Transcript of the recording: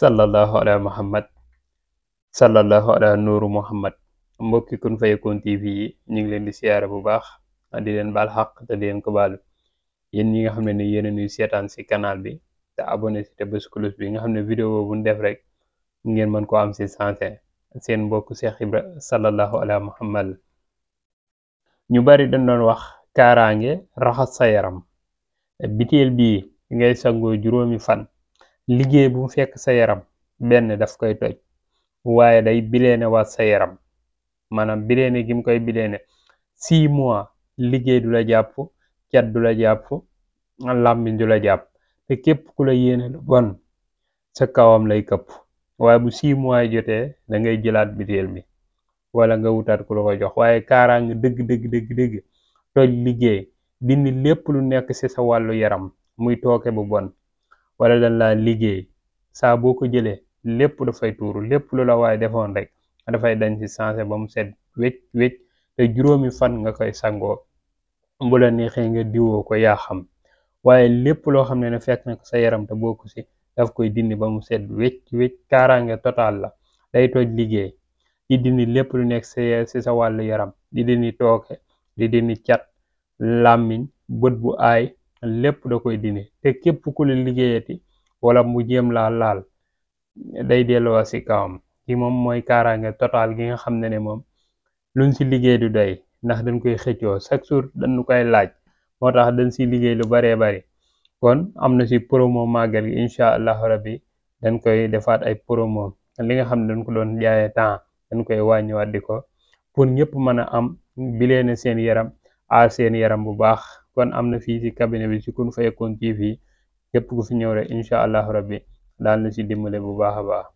sallallahu ala muhammad sallallahu ala nuuru muhammad mbokki Kun Fayakoun TV yi ñu ngi leen di siyaare bu baax di leen baal xaq te di leen ko baalu ñi nga xam ne yéen a seetaan si kanaal bi te abonné si te bés bi nga xam ne vidéo bu ñu def rek ngeen mën koo am si santé seen mbokk Cheikh Ibra sallallahu ala muhammad ñu bari dañ doon wax kaaraange raxas sa yaram biteel bi ngay sangoo juróomi fan. liggéey bu mu fekk sa yaram benn daf koy toj waaye day bileene waat sa yaram maanaam bileene gi mu koy bileene six mois liggéey du la jàpp cat du la jàpp làmmiñ du la jàpp te képp ku la yéene lu bon sa kawam lay këpp waaye bu six mois jotee da jëlaat biteel bi wala nga wutaat ku la ko jox waaye kaaraange dëgg dëgg dëgg toj liggéey dindi lépp lu nekk si sa wàllu yaram muy tooke bu bon wala dañ laa liggéey saa boo ko jëlee lépp dafay tuuru lépp lu la waaye defoon rek dafay dañ ci changé ba mu sedd wécc wécc te juróomi fan nga koy sangoo bu la neexee nga diwoo ko yaa xam waaye lépp loo xam ne ne fekk na ko sa yaram te bokku ci daf koy dindi ba mu sedd wécc wécc kaaraange total la day toj liggéey di dindi lépp lu nekk si sa wàllu yaram di dindi tooke di dindi cat làmmiñ bët bu aay lépp da koy dindi te képp ku la liggéeyati wala mu jéem laa laal day delluwaat si kawam ki moom mooy kaaraange total gi nga xam ne ne moom luñ si liggéey du day ndax dañ koy xëccoo chaque jour dañu koy laaj moo tax dañ si liggéey lu baree bari kon am na si promo màggal gi incha allahu rabbi dañ koy defaat ay promo li nga xam ne dañ ko doon jaayee temps dañ koy wàññiwaat di ko pour ñëpp mën a am bileene seen yaram a seen yaram bu baax kon am na fii si cabinet bi si Kun Fayakoun TV képp ku fi ñëw rek incha allahu rabbi daal na si dimbale bu baax a baax.